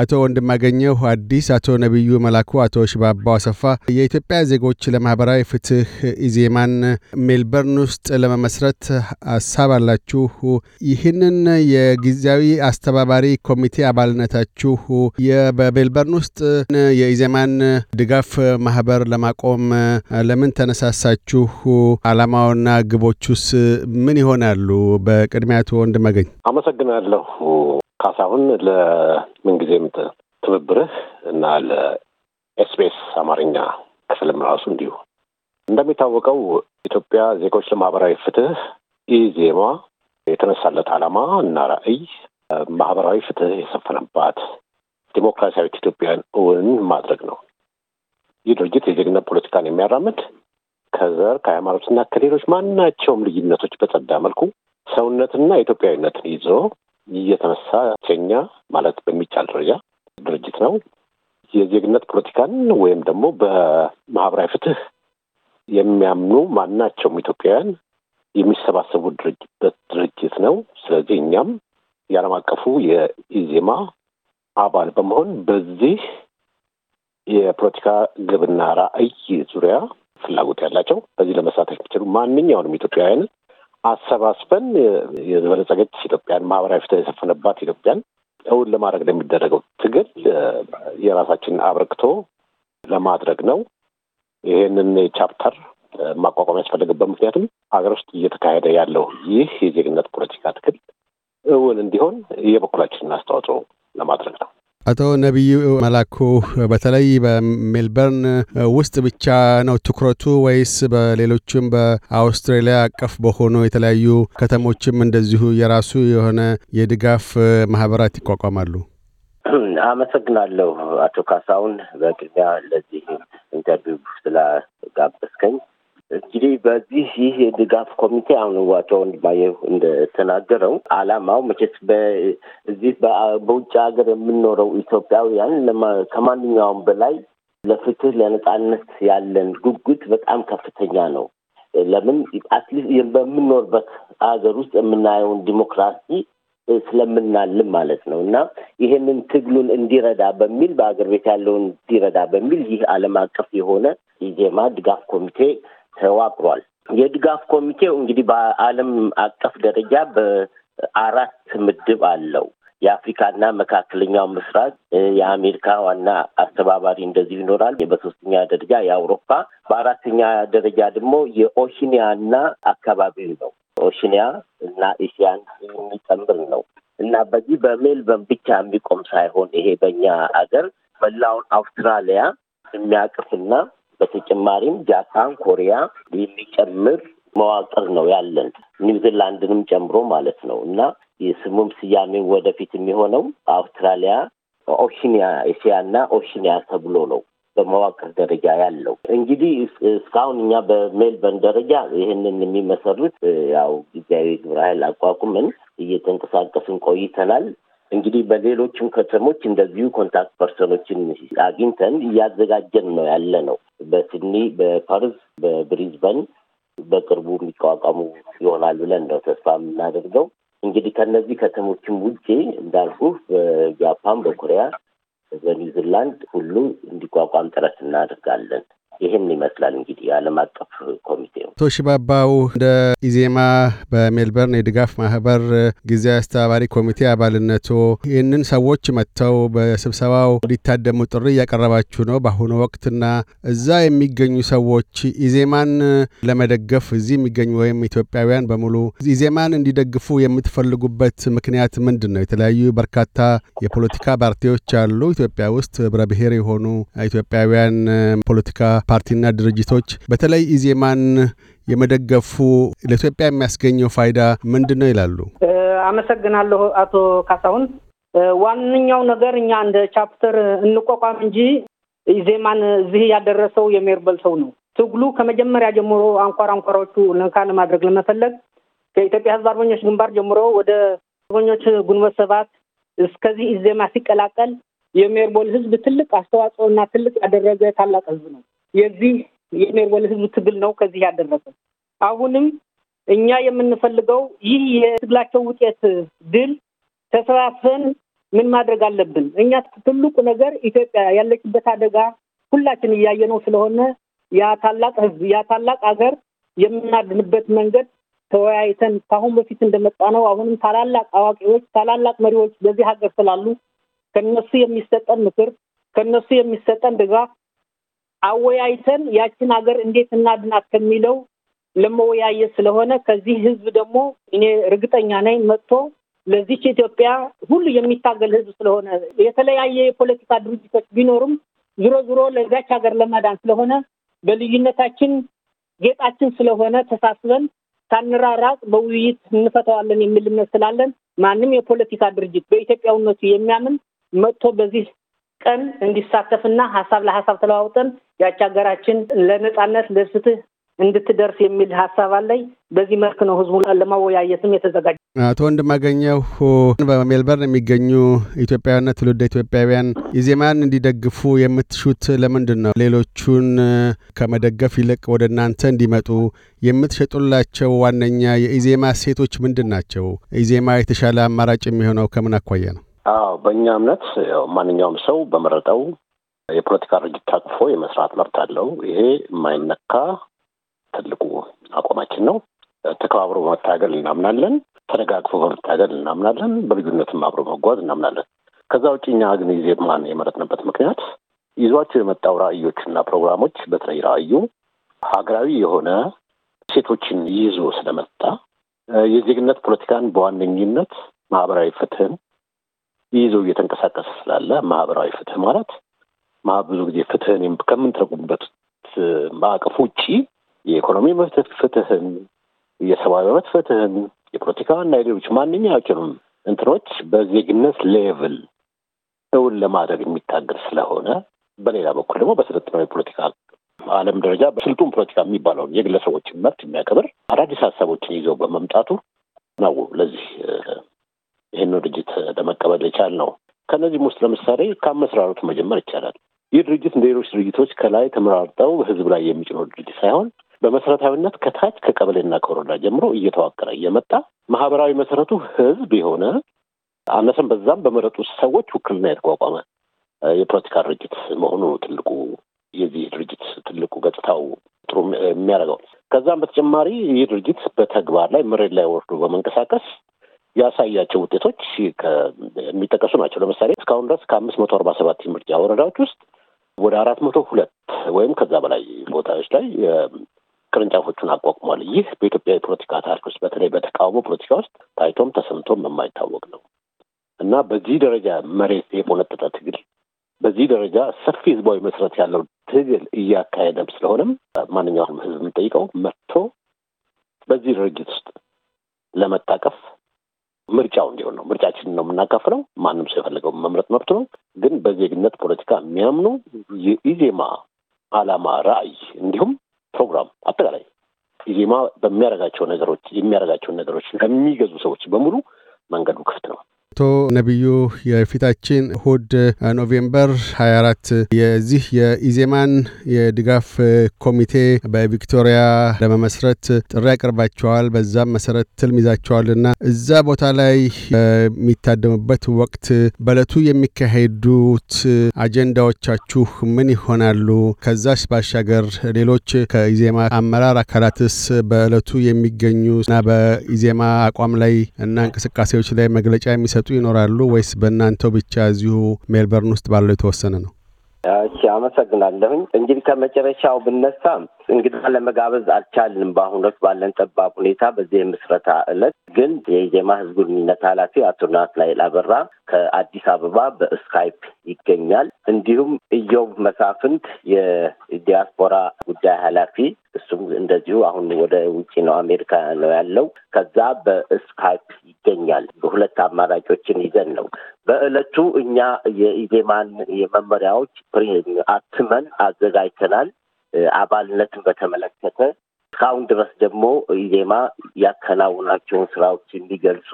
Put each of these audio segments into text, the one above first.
አቶ ወንድማገኘሁ አዲስ፣ አቶ ነቢዩ መላኩ፣ አቶ ሽባባው አሰፋ የኢትዮጵያ ዜጎች ለማህበራዊ ፍትህ ኢዜማን ሜልበርን ውስጥ ለመመስረት ሀሳብ አላችሁ። ይህንን የጊዜያዊ አስተባባሪ ኮሚቴ አባልነታችሁ በሜልበርን ውስጥ የኢዜማን ድጋፍ ማህበር ለማቆም ለምን ተነሳሳችሁ? አላማውና ግቦቹስ ምን ይሆናሉ? በቅድሚያ አቶ ወንድማገኝ አመሰግናለሁ። ካሳሁን ለምንጊዜም ትብብርህ እና ለኤስቢኤስ አማርኛ ክፍልም ራሱ እንዲሁ። እንደሚታወቀው ኢትዮጵያ ዜጎች ለማህበራዊ ፍትህ ዜማ የተነሳለት ዓላማ እና ራዕይ ማህበራዊ ፍትህ የሰፈነባት ዲሞክራሲያዊት ኢትዮጵያን እውን ማድረግ ነው። ይህ ድርጅት የዜግነት ፖለቲካን የሚያራምድ ከዘር ከሃይማኖትና ከሌሎች ማናቸውም ልዩነቶች በጸዳ መልኩ ሰውነትና ኢትዮጵያዊነትን ይዞ እየተነሳ ቸኛ ማለት በሚቻል ደረጃ ድርጅት ነው። የዜግነት ፖለቲካን ወይም ደግሞ በማህበራዊ ፍትህ የሚያምኑ ማናቸውም ኢትዮጵያውያን የሚሰባሰቡ ድርጅበት ድርጅት ነው። ስለዚህ እኛም የዓለም አቀፉ የኢዜማ አባል በመሆን በዚህ የፖለቲካ ግብና ራዕይ ዙሪያ ፍላጎት ያላቸው በዚህ ለመሳተፍ የሚችሉ ማንኛውንም ኢትዮጵያውያንን አሰባስበን የበለጸገች ኢትዮጵያን ማህበራዊ ፍትህ የሰፈነባት ኢትዮጵያን እውን ለማድረግ ነው የሚደረገው ትግል የራሳችንን አበርክቶ ለማድረግ ነው። ይሄንን ቻፕተር ማቋቋም ያስፈለግበት ምክንያቱም ሀገር ውስጥ እየተካሄደ ያለው ይህ የዜግነት ፖለቲካ ትግል እውን እንዲሆን የበኩላችንን አስተዋጽኦ ለማድረግ ነው። አቶ ነቢዩ መላኩ በተለይ በሜልበርን ውስጥ ብቻ ነው ትኩረቱ ወይስ በሌሎችም በአውስትራሊያ አቀፍ በሆኑ የተለያዩ ከተሞችም እንደዚሁ የራሱ የሆነ የድጋፍ ማህበራት ይቋቋማሉ? አመሰግናለሁ አቶ ካሳሁን በቅድሚያ ለዚህ ኢንተርቪው ስላጋበዝከኝ። እንግዲህ በዚህ ይህ የድጋፍ ኮሚቴ አሁን ዋቶ ወንድማየሁ እንደተናገረው አላማው መቼት በዚህ በውጭ ሀገር የምንኖረው ኢትዮጵያውያን ከማንኛውም በላይ ለፍትህ ለነጻነት ያለን ጉጉት በጣም ከፍተኛ ነው። ለምን አትሊስት በምንኖርበት ሀገር ውስጥ የምናየውን ዲሞክራሲ ስለምናልም ማለት ነው እና ይሄንን ትግሉን እንዲረዳ በሚል በአገር ቤት ያለውን እንዲረዳ በሚል ይህ ዓለም አቀፍ የሆነ ኢዜማ ድጋፍ ኮሚቴ ተዋቅሯል። የድጋፍ ኮሚቴው እንግዲህ በዓለም አቀፍ ደረጃ በአራት ምድብ አለው። የአፍሪካና መካከለኛው ምስራቅ የአሜሪካ ዋና አስተባባሪ እንደዚህ ይኖራል። በሶስተኛ ደረጃ የአውሮፓ፣ በአራተኛ ደረጃ ደግሞ የኦሺኒያና አካባቢው ነው። ኦሽኒያ እና ኢሲያን የሚጨምር ነው እና በዚህ በሜልበርን ብቻ የሚቆም ሳይሆን ይሄ በእኛ ሀገር መላውን አውስትራሊያ የሚያቅፍና በተጨማሪም ጃፓን፣ ኮሪያ የሚጨምር መዋቅር ነው ያለን ኒውዚላንድንም ጨምሮ ማለት ነው እና የስሙም ስያሜ ወደፊት የሚሆነው አውስትራሊያ ኦሽኒያ ኤሲያ እና ኦሽኒያ ተብሎ ነው በመዋቅር ደረጃ ያለው እንግዲህ እስካሁን እኛ በሜልበርን ደረጃ ይህንን የሚመሰሩት ያው ጊዜያዊ ግብረ ኃይል አቋቁምን እየተንቀሳቀስን ቆይተናል። እንግዲህ በሌሎችም ከተሞች እንደዚሁ ኮንታክት ፐርሰኖችን አግኝተን እያዘጋጀን ነው ያለ ነው። በሲድኒ፣ በፐርዝ፣ በብሪዝበን በቅርቡ የሚቋቋሙ ይሆናል ብለን ነው ተስፋ የምናደርገው። እንግዲህ ከነዚህ ከተሞችም ውጭ እንዳልኩ በጃፓን፣ በኮሪያ፣ በኒውዚላንድ ሁሉ እንዲቋቋም ጥረት እናደርጋለን። ይህን ይመስላል እንግዲህ የዓለም አቀፍ ኮሚቴው። አቶ ሽባባው እንደ ኢዜማ በሜልበርን የድጋፍ ማህበር ጊዜያዊ አስተባባሪ ኮሚቴ አባልነቶ ይህንን ሰዎች መጥተው በስብሰባው እንዲታደሙ ጥሪ እያቀረባችሁ ነው በአሁኑ ወቅትና እዛ የሚገኙ ሰዎች ኢዜማን ለመደገፍ እዚህ የሚገኙ ወይም ኢትዮጵያውያን በሙሉ ኢዜማን እንዲደግፉ የምትፈልጉበት ምክንያት ምንድን ነው? የተለያዩ በርካታ የፖለቲካ ፓርቲዎች አሉ ኢትዮጵያ ውስጥ ህብረ ብሔር የሆኑ ኢትዮጵያውያን ፖለቲካ ፓርቲና ድርጅቶች በተለይ ኢዜማን የመደገፉ ለኢትዮጵያ የሚያስገኘው ፋይዳ ምንድን ነው ይላሉ? አመሰግናለሁ አቶ ካሳሁን። ዋነኛው ነገር እኛ እንደ ቻፕተር እንቋቋም እንጂ ኢዜማን እዚህ ያደረሰው የሜርበል ሰው ነው። ትግሉ ከመጀመሪያ ጀምሮ አንኳር አንኳሮቹ ልንካ ለማድረግ ለመፈለግ ከኢትዮጵያ ሕዝብ አርበኞች ግንባር ጀምሮ ወደ አርበኞች ግንቦት ሰባት እስከዚህ ኢዜማ ሲቀላቀል የሜርቦል ህዝብ ትልቅ እና ትልቅ ያደረገ ታላቅ ህዝብ ነው። የዚህ የሜርወል ህዝብ ትግል ነው ከዚህ ያደረሰ። አሁንም እኛ የምንፈልገው ይህ የትግላቸው ውጤት ድል ተሰባስበን ምን ማድረግ አለብን? እኛ ትልቁ ነገር ኢትዮጵያ ያለችበት አደጋ ሁላችን እያየነው ስለሆነ ያ ታላቅ ህዝብ ያ ታላቅ ሀገር የምናድንበት መንገድ ተወያይተን ከአሁን በፊት እንደመጣ ነው። አሁንም ታላላቅ አዋቂዎች፣ ታላላቅ መሪዎች በዚህ ሀገር ስላሉ ከነሱ የሚሰጠን ምክር ከነሱ የሚሰጠን ድጋፍ አወያይተን ያችን ሀገር እንዴት እናድናት ከሚለው ለመወያየት ስለሆነ ከዚህ ህዝብ ደግሞ እኔ እርግጠኛ ነኝ መጥቶ ለዚች ኢትዮጵያ ሁሉ የሚታገል ህዝብ ስለሆነ የተለያየ የፖለቲካ ድርጅቶች ቢኖሩም ዞሮ ዞሮ ለዚያች ሀገር ለማዳን ስለሆነ በልዩነታችን ጌጣችን ስለሆነ ተሳስበን ሳንራራቅ በውይይት እንፈተዋለን የሚል እምነት ስላለን ማንም የፖለቲካ ድርጅት በኢትዮጵያውነቱ የሚያምን መጥቶ በዚህ ቀን እንዲሳተፍና ሀሳብ ለሀሳብ ተለዋውጠን ያች ሀገራችን ለነጻነት ለፍትህ እንድትደርስ የሚል ሀሳብ አለኝ። በዚህ መልክ ነው ህዝቡ ለማወያየትም የተዘጋጀ። አቶ ወንድማገኘሁ በሜልበርን የሚገኙ ኢትዮጵያውያንና ትውልደ ኢትዮጵያውያን ኢዜማን እንዲደግፉ የምትሹት ለምንድን ነው? ሌሎቹን ከመደገፍ ይልቅ ወደ እናንተ እንዲመጡ የምትሸጡላቸው ዋነኛ የኢዜማ ሴቶች ምንድን ናቸው? ኢዜማ የተሻለ አማራጭ የሚሆነው ከምን አኳያ ነው? አዎ በእኛ እምነት ማንኛውም ሰው በመረጠው የፖለቲካ ድርጅት ታቅፎ የመስራት መብት አለው። ይሄ የማይነካ ትልቁ አቋማችን ነው። ተከባብሮ በመታገል እናምናለን። ተደጋግፎ በመታገል እናምናለን። በልዩነትም አብሮ መጓዝ እናምናለን። ከዛ ውጭ እኛ ግን ኢዜማን የመረጥንበት ምክንያት ይዟቸው የመጣው ራዕዮችና ፕሮግራሞች በተለይ ራዕዩ ሀገራዊ የሆነ ሴቶችን ይዞ ስለመጣ የዜግነት ፖለቲካን በዋነኝነት ማህበራዊ ፍትህን ይዘው እየተንቀሳቀሰ ስላለ ማህበራዊ ፍትህ ማለት ብዙ ጊዜ ፍትህን ከምንተረጉምበት ማዕቀፍ ውጭ የኢኮኖሚ ፍትህን፣ የሰብአዊ መብት ፍትህን፣ የፖለቲካና የሌሎች ማንኛቸውም እንትኖች በዜግነት ሌቭል እውን ለማድረግ የሚታገል ስለሆነ በሌላ በኩል ደግሞ በስለጥነው የፖለቲካ አለም ደረጃ በስልጡን ፖለቲካ የሚባለውን የግለሰቦችን መብት የሚያከብር አዳዲስ ሀሳቦችን ይዘው በመምጣቱ ነው ለዚህ ይህንን ድርጅት ለመቀበል ነው ከእነዚህም ውስጥ ለምሳሌ ከአመሰራረቱ መጀመር ይቻላል። ይህ ድርጅት እንደ ሌሎች ድርጅቶች ከላይ ተመራርጠው ህዝብ ላይ የሚጭኖ ድርጅት ሳይሆን በመሰረታዊነት ከታች ከቀበሌና ከወረዳ ጀምሮ እየተዋቀረ እየመጣ ማህበራዊ መሰረቱ ህዝብ የሆነ አነሰም በዛም በመረጡ ሰዎች ውክልና የተቋቋመ የፖለቲካ ድርጅት መሆኑ ትልቁ የዚህ ድርጅት ትልቁ ገጽታው ጥሩ የሚያደርገው። ከዛም በተጨማሪ ይህ ድርጅት በተግባር ላይ መሬት ላይ ወርዶ በመንቀሳቀስ ያሳያቸው ውጤቶች የሚጠቀሱ ናቸው። ለምሳሌ እስካሁን ድረስ ከአምስት መቶ አርባ ሰባት የምርጫ ወረዳዎች ውስጥ ወደ አራት መቶ ሁለት ወይም ከዛ በላይ ቦታዎች ላይ ቅርንጫፎቹን አቋቁሟል። ይህ በኢትዮጵያ የፖለቲካ ታሪክ ውስጥ በተለይ በተቃውሞ ፖለቲካ ውስጥ ታይቶም ተሰምቶም የማይታወቅ ነው እና በዚህ ደረጃ መሬት የቆነጠጠ ትግል በዚህ ደረጃ ሰፊ ህዝባዊ መሰረት ያለው ትግል እያካሄደም ስለሆነም ማንኛውም ህዝብ የሚጠይቀው መጥቶ በዚህ ድርጅት ውስጥ ለመታቀፍ ምርጫው እንዲሆን ነው። ምርጫችንን ነው የምናካፍለው። ማንም ሰው የፈለገው መምረጥ መብት ነው። ግን በዜግነት ፖለቲካ የሚያምኑ የኢዜማ ዓላማ፣ ራዕይ እንዲሁም ፕሮግራም አጠቃላይ ኢዜማ በሚያረጋቸው ነገሮች የሚያረጋቸውን ነገሮች ለሚገዙ ሰዎች በሙሉ መንገዱ ክፍት ነው። አቶ ነቢዩ የፊታችን እሁድ ኖቬምበር 24 የዚህ የኢዜማን የድጋፍ ኮሚቴ በቪክቶሪያ ለመመስረት ጥሪ ያቀርባቸዋል። በዛም መሰረት ትልም ይዛቸዋልና እዛ ቦታ ላይ የሚታደሙበት ወቅት በእለቱ የሚካሄዱት አጀንዳዎቻችሁ ምን ይሆናሉ? ከዛስ ባሻገር ሌሎች ከኢዜማ አመራር አካላትስ በእለቱ የሚገኙ እና በኢዜማ አቋም ላይ እና እንቅስቃሴዎች ላይ መግለጫ የሚሰጡ በየዓመቱ ይኖራሉ ወይስ በእናንተው ብቻ እዚሁ ሜልበርን ውስጥ ባለው የተወሰነ ነው? እሺ አመሰግናለሁኝ። እንግዲህ ከመጨረሻው ብነሳ እንግዳ ለመጋበዝ አልቻልንም በአሁኑ ወቅት ባለን ጠባብ ሁኔታ። በዚህ የምስረታ ዕለት ግን የኢዜማ ሕዝብ ግንኙነት ኃላፊ አቶ ናትናኤል አበራ ከአዲስ አበባ በስካይፕ ይገኛል። እንዲሁም ኢዮብ መሳፍንት የዲያስፖራ ጉዳይ ኃላፊ እሱም እንደዚሁ አሁን ወደ ውጭ ነው አሜሪካ ነው ያለው። ከዛ በስካይፕ ይገኛል። ሁለት አማራጮችን ይዘን ነው በእለቱ እኛ የኢዜማን የመመሪያዎች አትመን አዘጋጅተናል። አባልነትን በተመለከተ እስካሁን ድረስ ደግሞ ኢዜማ ያከናውናቸውን ስራዎች የሚገልጹ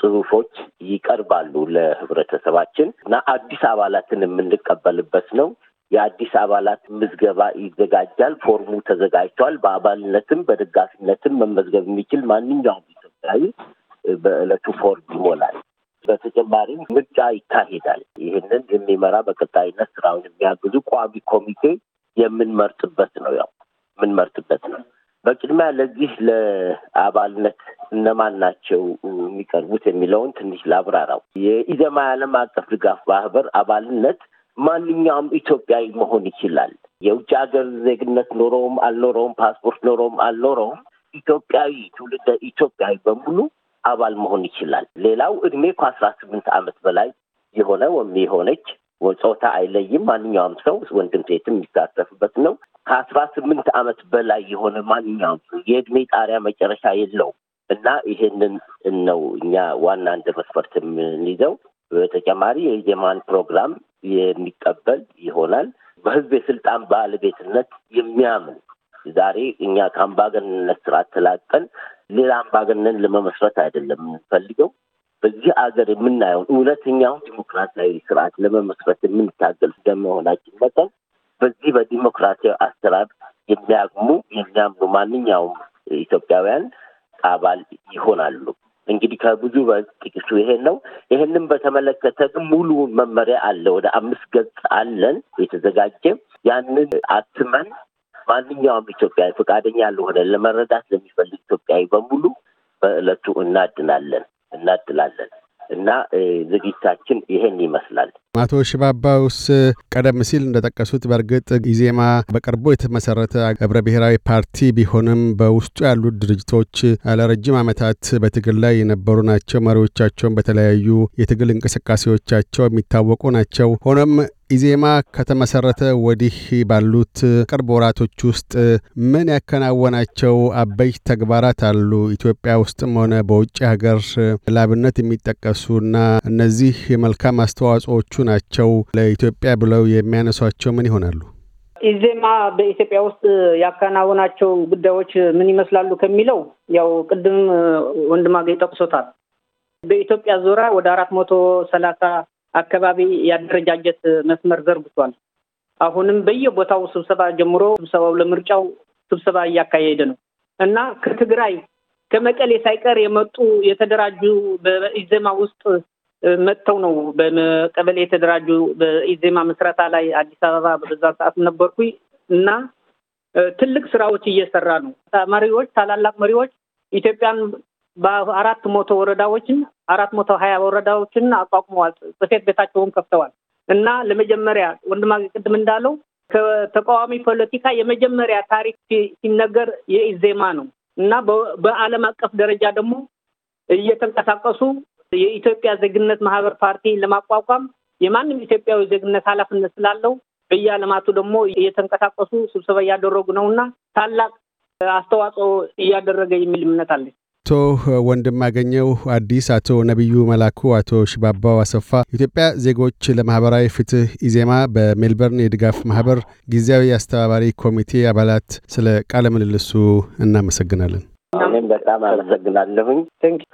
ጽሁፎች ይቀርባሉ ለህብረተሰባችን እና አዲስ አባላትን የምንቀበልበት ነው። የአዲስ አባላት ምዝገባ ይዘጋጃል። ፎርሙ ተዘጋጅቷል። በአባልነትም በደጋፊነትም መመዝገብ የሚችል ማንኛውም ኢትዮጵያዊ በእለቱ ፎርድ ይሞላል። በተጨማሪም ምርጫ ይካሄዳል። ይህንን የሚመራ በቀጣይነት ስራውን የሚያግዙ ቋሚ ኮሚቴ የምንመርጥበት ነው ያው የምንመርጥበት ነው። በቅድሚያ ለዚህ ለአባልነት እነማን ናቸው የሚቀርቡት የሚለውን ትንሽ ላብራራው። የኢዘማ የዓለም አቀፍ ድጋፍ ማህበር አባልነት ማንኛውም ኢትዮጵያዊ መሆን ይችላል። የውጭ ሀገር ዜግነት ኖረውም አልኖረውም፣ ፓስፖርት ኖረውም አልኖረውም፣ ኢትዮጵያዊ ትውልደ ኢትዮጵያዊ በሙሉ አባል መሆን ይችላል። ሌላው እድሜ ከአስራ ስምንት ዓመት በላይ የሆነ ወይም የሆነች ጾታ አይለይም። ማንኛውም ሰው ወንድም ሴትም የሚሳተፍበት ነው። ከአስራ ስምንት ዓመት በላይ የሆነ ማንኛውም የእድሜ ጣሪያ መጨረሻ የለውም እና ይሄንን ነው እኛ ዋና እንደ መስፈርት የምንይዘው። በተጨማሪ የማን ፕሮግራም የሚቀበል ይሆናል። በህዝብ የስልጣን ባለቤትነት የሚያምን ዛሬ እኛ ከአምባገንነት ስርዓት ተላቀን ሌላ አምባገነን ለመመስረት አይደለም የምንፈልገው። በዚህ አገር የምናየውን እውነተኛውን ዲሞክራሲያዊ ስርዓት ለመመስረት የምንታገል እንደመሆናችን መጠን በዚህ በዲሞክራሲያዊ አሰራር የሚያግሙ የሚያምኑ ማንኛውም ኢትዮጵያውያን አባል ይሆናሉ። እንግዲህ ከብዙ በጥቂቱ ይሄን ነው። ይህንም በተመለከተ ግን ሙሉ መመሪያ አለ። ወደ አምስት ገጽ አለን የተዘጋጀ ያንን አትመን ማንኛውም ኢትዮጵያዊ ፈቃደኛ ለሆነ ለመረዳት ለሚፈልግ ኢትዮጵያዊ በሙሉ በእለቱ እናድናለን እናድላለን እና ዝግጅታችን ይሄን ይመስላል። አቶ ሽባባውስ ቀደም ሲል እንደጠቀሱት በእርግጥ ኢዜማ በቅርቡ የተመሰረተ ህብረ ብሔራዊ ፓርቲ ቢሆንም በውስጡ ያሉት ድርጅቶች ለረጅም ዓመታት በትግል ላይ የነበሩ ናቸው። መሪዎቻቸውን በተለያዩ የትግል እንቅስቃሴዎቻቸው የሚታወቁ ናቸው። ሆኖም ኢዜማ ከተመሰረተ ወዲህ ባሉት ቅርብ ወራቶች ውስጥ ምን ያከናወናቸው አበይ ተግባራት አሉ? ኢትዮጵያ ውስጥም ሆነ በውጭ ሀገር ላብነት የሚጠቀሱ እና እነዚህ መልካም አስተዋጽዎቹ ናቸው ለኢትዮጵያ ብለው የሚያነሷቸው ምን ይሆናሉ? ኢዜማ በኢትዮጵያ ውስጥ ያከናወናቸው ጉዳዮች ምን ይመስላሉ ከሚለው ያው ቅድም ወንድማገኝ ጠቅሶታል። በኢትዮጵያ ዙሪያ ወደ አራት መቶ ሰላሳ አካባቢ የአደረጃጀት መስመር ዘርግቷል። አሁንም በየቦታው ስብሰባ ጀምሮ ስብሰባው ለምርጫው ስብሰባ እያካሄደ ነው እና ከትግራይ ከመቀሌ ሳይቀር የመጡ የተደራጁ በኢዜማ ውስጥ መጥተው ነው በመቀበሌ የተደራጁ በኢዜማ ምስረታ ላይ አዲስ አበባ በዛ ሰዓት ነበርኩኝ እና ትልቅ ስራዎች እየሰራ ነው። መሪዎች ታላላቅ መሪዎች ኢትዮጵያን በአራት ሞቶ ወረዳዎችን አራት መቶ ሀያ ወረዳዎችን አቋቁመዋል። ጽሕፈት ቤታቸውን ከፍተዋል እና ለመጀመሪያ ወንድማ ቅድም እንዳለው ከተቃዋሚ ፖለቲካ የመጀመሪያ ታሪክ ሲነገር የኢዜማ ነው እና በዓለም አቀፍ ደረጃ ደግሞ እየተንቀሳቀሱ የኢትዮጵያ ዜግነት ማህበር ፓርቲ ለማቋቋም የማንም ኢትዮጵያዊ ዜግነት ኃላፊነት ስላለው በየዓለማቱ ደግሞ እየተንቀሳቀሱ ስብሰባ እያደረጉ ነው እና ታላቅ አስተዋጽኦ እያደረገ የሚል እምነት አለኝ። አቶ ወንድም አገኘው አዲስ፣ አቶ ነቢዩ መላኩ፣ አቶ ሽባባው አሰፋ። ኢትዮጵያ ዜጎች ለማህበራዊ ፍትህ ኢዜማ በሜልበርን የድጋፍ ማህበር ጊዜያዊ አስተባባሪ ኮሚቴ አባላት፣ ስለ ቃለ ምልልሱ እናመሰግናለን። እኔም በጣም አመሰግናለሁኝ።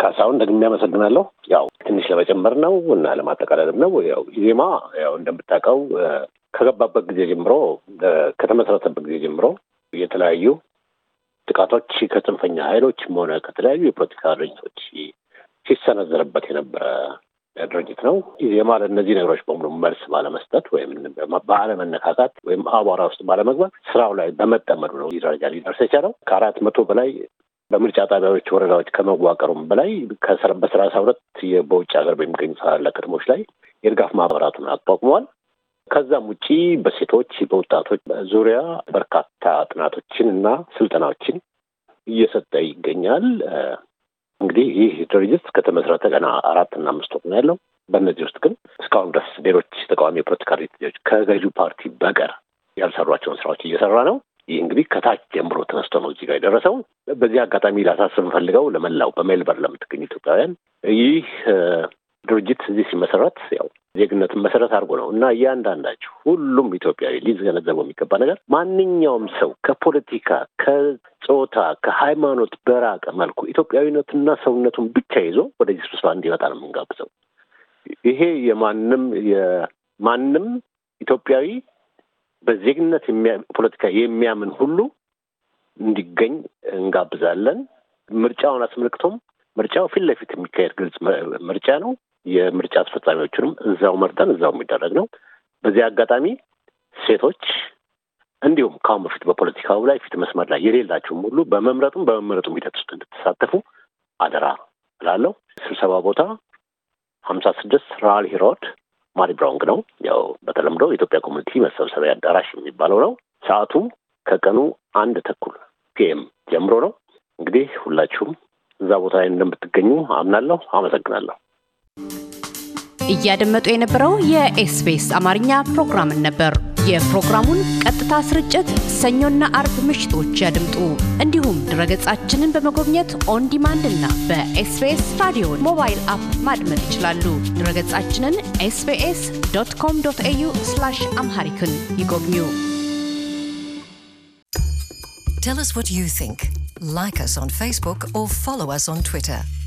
ካሳሁን ደግሜ አመሰግናለሁ። ያው ትንሽ ለመጨመር ነው እና ለማጠቃለልም ነው። ያው ኢዜማ ያው እንደምታውቀው ከገባበት ጊዜ ጀምሮ ከተመሰረተበት ጊዜ ጀምሮ የተለያዩ ጥቃቶች ከጽንፈኛ ኃይሎችም ሆነ ከተለያዩ የፖለቲካ ድርጅቶች ሲሰነዘርበት የነበረ ድርጅት ነው። ኢዜማ እነዚህ ነገሮች በሙሉ መልስ ባለመስጠት ወይም ባለመነካካት ወይም አቧራ ውስጥ ባለመግባት ስራው ላይ በመጠመዱ ነው እዚህ ደረጃ ሊደርስ የቻለው። ከአራት መቶ በላይ በምርጫ ጣቢያዎች፣ ወረዳዎች ከመዋቀሩም በላይ በሰላሳ ሁለት በውጭ ሀገር በሚገኙ ታላላቅ ከተሞች ላይ የድጋፍ ማህበራቱን አቋቁመዋል። ከዛም ውጪ በሴቶች በወጣቶች ዙሪያ በርካታ ጥናቶችን እና ስልጠናዎችን እየሰጠ ይገኛል። እንግዲህ ይህ ድርጅት ከተመሰረተ ገና አራት እና አምስት ወር ነው ያለው። በእነዚህ ውስጥ ግን እስካሁን ድረስ ሌሎች ተቃዋሚ የፖለቲካ ድርጅቶች ከገዢው ፓርቲ በቀር ያልሰሯቸውን ስራዎች እየሰራ ነው። ይህ እንግዲህ ከታች ጀምሮ ተነስቶ ነው እዚህ ጋር የደረሰው። በዚህ አጋጣሚ ላሳስብ ፈልገው ለመላው በሜልበር ለምትገኙ ኢትዮጵያውያን ይህ ድርጅት እዚህ ሲመሰረት ያው ዜግነትን መሰረት አድርጎ ነው እና እያንዳንዳችሁ ሁሉም ኢትዮጵያዊ ሊገነዘበው የሚገባ ነገር ማንኛውም ሰው ከፖለቲካ፣ ከጾታ፣ ከሃይማኖት በራቀ መልኩ ኢትዮጵያዊነትና ሰውነቱን ብቻ ይዞ ወደዚህ ስብሰባ እንዲመጣ ነው የምንጋብዘው። ይሄ የማንም የማንም ኢትዮጵያዊ በዜግነት ፖለቲካ የሚያምን ሁሉ እንዲገኝ እንጋብዛለን። ምርጫውን አስመልክቶም ምርጫው ፊት ለፊት የሚካሄድ ግልጽ ምርጫ ነው። የምርጫ አስፈጻሚዎቹንም እዛው መርጠን እዛው የሚደረግ ነው። በዚህ አጋጣሚ ሴቶች እንዲሁም ከአሁን በፊት በፖለቲካው ላይ ፊት መስመር ላይ የሌላችሁም ሁሉ በመምረጡም በመመረጡም ሂደት ውስጥ እንድትሳተፉ አደራ እላለሁ። ስብሰባ ቦታ ሀምሳ ስድስት ራልሂ ሮድ ማሪ ብራውንግ ነው። ያው በተለምዶ የኢትዮጵያ ኮሚኒቲ መሰብሰቢያ አዳራሽ የሚባለው ነው። ሰዓቱ ከቀኑ አንድ ተኩል ፒኤም ጀምሮ ነው። እንግዲህ ሁላችሁም እዛ ቦታ ላይ እንደምትገኙ አምናለሁ። አመሰግናለሁ። እያደመጡ የነበረው የኤስቢኤስ አማርኛ ፕሮግራምን ነበር። የፕሮግራሙን ቀጥታ ስርጭት ሰኞና አርብ ምሽቶች ያድምጡ። እንዲሁም ድረገጻችንን በመጎብኘት ኦን ዲማንድ እና በኤስቢኤስ ራዲዮ ሞባይል አፕ ማድመጥ ይችላሉ። ድረገጻችንን ኤስቢኤስ ዶት ኮም ዶት ኤዩ አምሃሪክን ይጎብኙ። Tell us what you think. Like us on Facebook or follow